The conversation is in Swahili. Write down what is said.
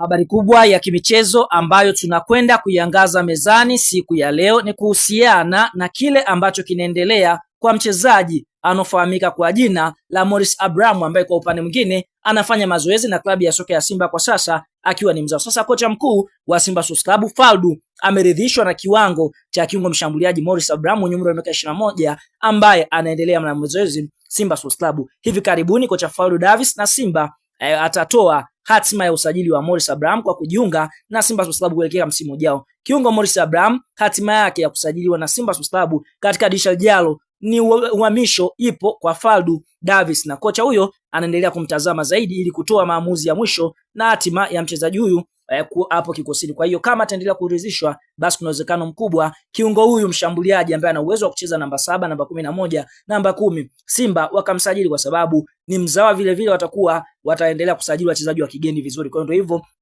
Habari kubwa ya kimichezo ambayo tunakwenda kuiangaza mezani siku ya leo ni kuhusiana na kile ambacho kinaendelea kwa mchezaji anofahamika kwa jina la Morris Abraham ambaye kwa upande mwingine anafanya mazoezi na klabu ya soka ya Simba kwa sasa akiwa ni mzao. Sasa kocha mkuu wa Simba Sports Club Faldu ameridhishwa na kiwango cha kiungo mshambuliaji Morris Abraham mwenye umri wa miaka 21 ambaye anaendelea na mazoezi Simba Sports Club. Hivi karibuni kocha Faldu Davis na Simba eh, atatoa hatima ya usajili wa Morris Abraham kwa kujiunga na Simba Sports Club kuelekea msimu ujao. Kiungo Morris Abraham hatima yake ya kusajiliwa na Simba Sports Club katika dirisha lijalo ni uhamisho ipo kwa Faldu Davis, na kocha huyo anaendelea kumtazama zaidi ili kutoa maamuzi ya mwisho na hatima ya mchezaji huyu eh, hapo kikosini. Kwa hiyo kama ataendelea kuridhishwa, basi kuna uwezekano mkubwa kiungo huyu mshambuliaji ambaye ana uwezo wa kucheza namba saba, namba kumi na moja, namba kumi, Simba wakamsajili kwa sababu ni mzawa. Vilevile watakuwa wataendelea kusajili wachezaji wa kigeni vizuri. Kwa hiyo ndio hivyo